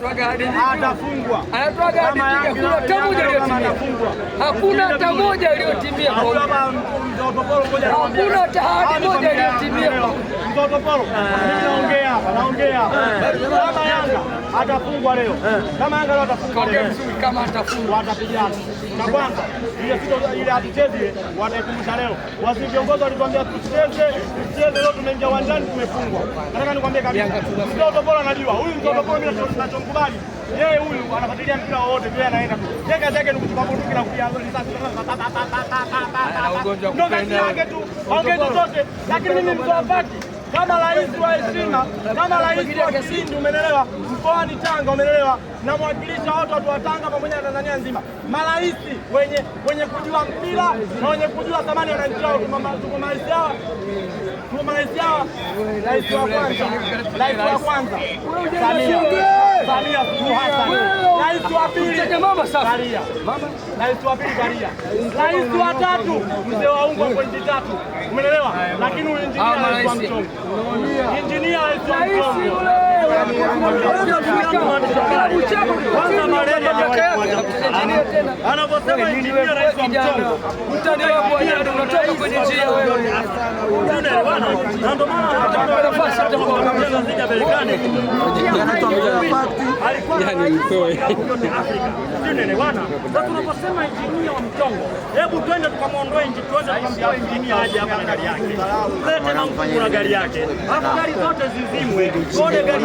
atafungwa. hakuna hata moja iliyotimia, hakuna hata hadi moja iliyotimia. Mtotoporo, eh. naongea hapa, naongea kama eh. Yanga atafungwa leo, kama eh. Yanga leo atafungwa leo, kama atafungwa atapigana na kwanza ile hatucheze wataikumbusha leo. Waziri viongozi walituambia tucheze, tucheze leo, tumeingia uwanjani tumefungwa. Nataka nikwambie kabisa, Mtotoporo anajua huyu Mtotoporo mimi tukubali yeye huyu anafuatilia mpira wowote vile anaenda. Yeye kazi yake ni kuchukua bunduki na kupiga risasi. Ndio kazi yake tu, aongee chochote, lakini mimi mkoapati kama rais wa heshima, kama rais wa Kisindi, umenelewa, mkoani Tanga, umenelewa, namwakilisha wote watu wa Tanga pamoja na Tanzania nzima, marais wenye wenye kujua mpira na wenye kujua thamani wananchi wao. Rais wa kwanza, rais wa kwanza Samia Samia Suluhu Hassan, rais wa pili Baria, rais wa pili Baria, rais wa tatu mzee wa ungo kwa tatu, umeelewa? Lakini uinjinia rais wa mchongo, injinia rais wa mchongo anavyosema injinia rais wa mchongo unatoka kwenye njia wewe, twende tukamwondoe injinia aje hapa na gari yake, tete na mfungu na gari yake, alafu gari zote zizimwe, tuone gari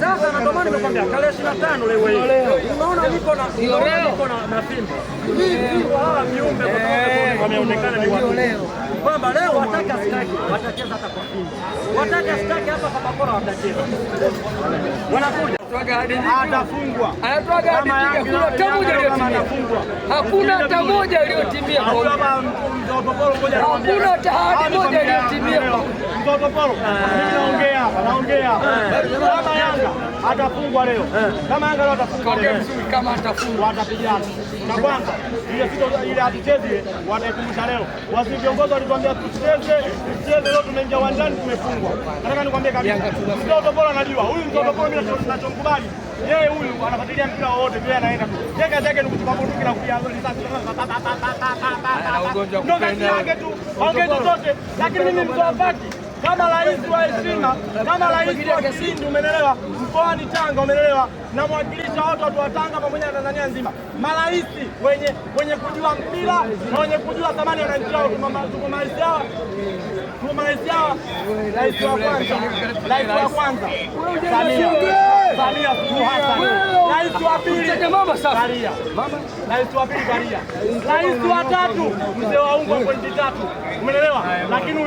Sasa na ndio maana nimekwambia tarehe ishirini na tano leo hii, unaona niko na niko na fimbo hawa viumbe eh, wameonekana ni watu kwamba leo wataka staki watacheza hata kwa fimbo, wataka staki hapa kwa bakora watacheza, wanakuja ah, hakuna hata moja iliyotimia, hakuna hata moja iliyotimia mtoto Polo, mimi eh. naongea hapa, naongea eh. kama Yanga atafungwa leo, kama Yanga leo atafungwa leo, kama atafungwa watapigana na kwanza ile sito ile hatuchezi ile leo. Wasi viongozi walituambia tucheze tucheze, leo tumeingia uwanjani tumefungwa. Nataka nikwambie kabisa, mtoto Polo anajua huyu mtoto Polo, mimi nachomkubali yeye, huyu anafuatilia mpira wowote vile anaenda tu, yeye kazi yake ni kuchukua bunduki na kupiga risasi, ndio kazi yake tu, aongee chochote, lakini mimi mtoa paki kama rais wa heshima, kama rais wa kisindi, umenelewa, mkoani Tanga, umenelewa, na mwakilisha wote watu wa Tanga pamoja na Tanzania nzima, marais wenye wenye kujua mpira na wenye kujua thamani ya wananchi wao. Marais hawa, rais wa kwanza, rais wa kwanza Samia Suluhu Hassan rais wa pili Karia, rais wa tatu mzee wa ungo pointi tatu, umeelewa? Lakini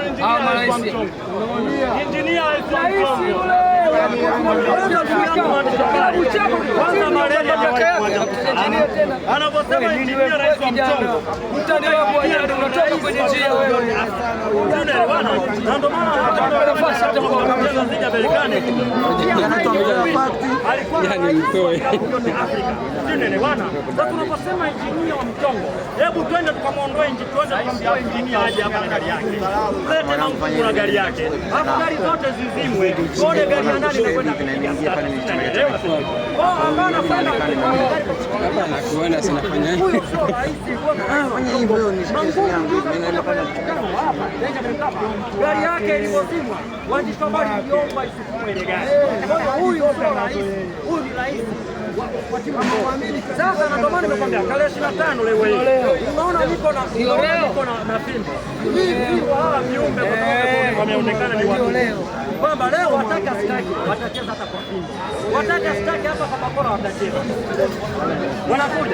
injinia rais wa mchongo anaposema tunaposema injinia wa mchongo, hebu twende tukamwondoe nji twende injinia aje hapa na gari yake, lete na mfungura gari yake, hapo gari zote zizimwe, kode gari ya ndani gari yake ilipozimwa Wanjishamali iliomba isifue ile gari. Huyu sio rais, huyu ni rais sasa na ndio maana nimekwambia tarehe ishirini na tano leo hii, unaona niko na niko na fimbo hivi, hawa viumbe wameonekana ni watu kwamba leo wataka staki watacheza hata kwa pindi, wataka staki hapa kwa makora watacheza wanakuja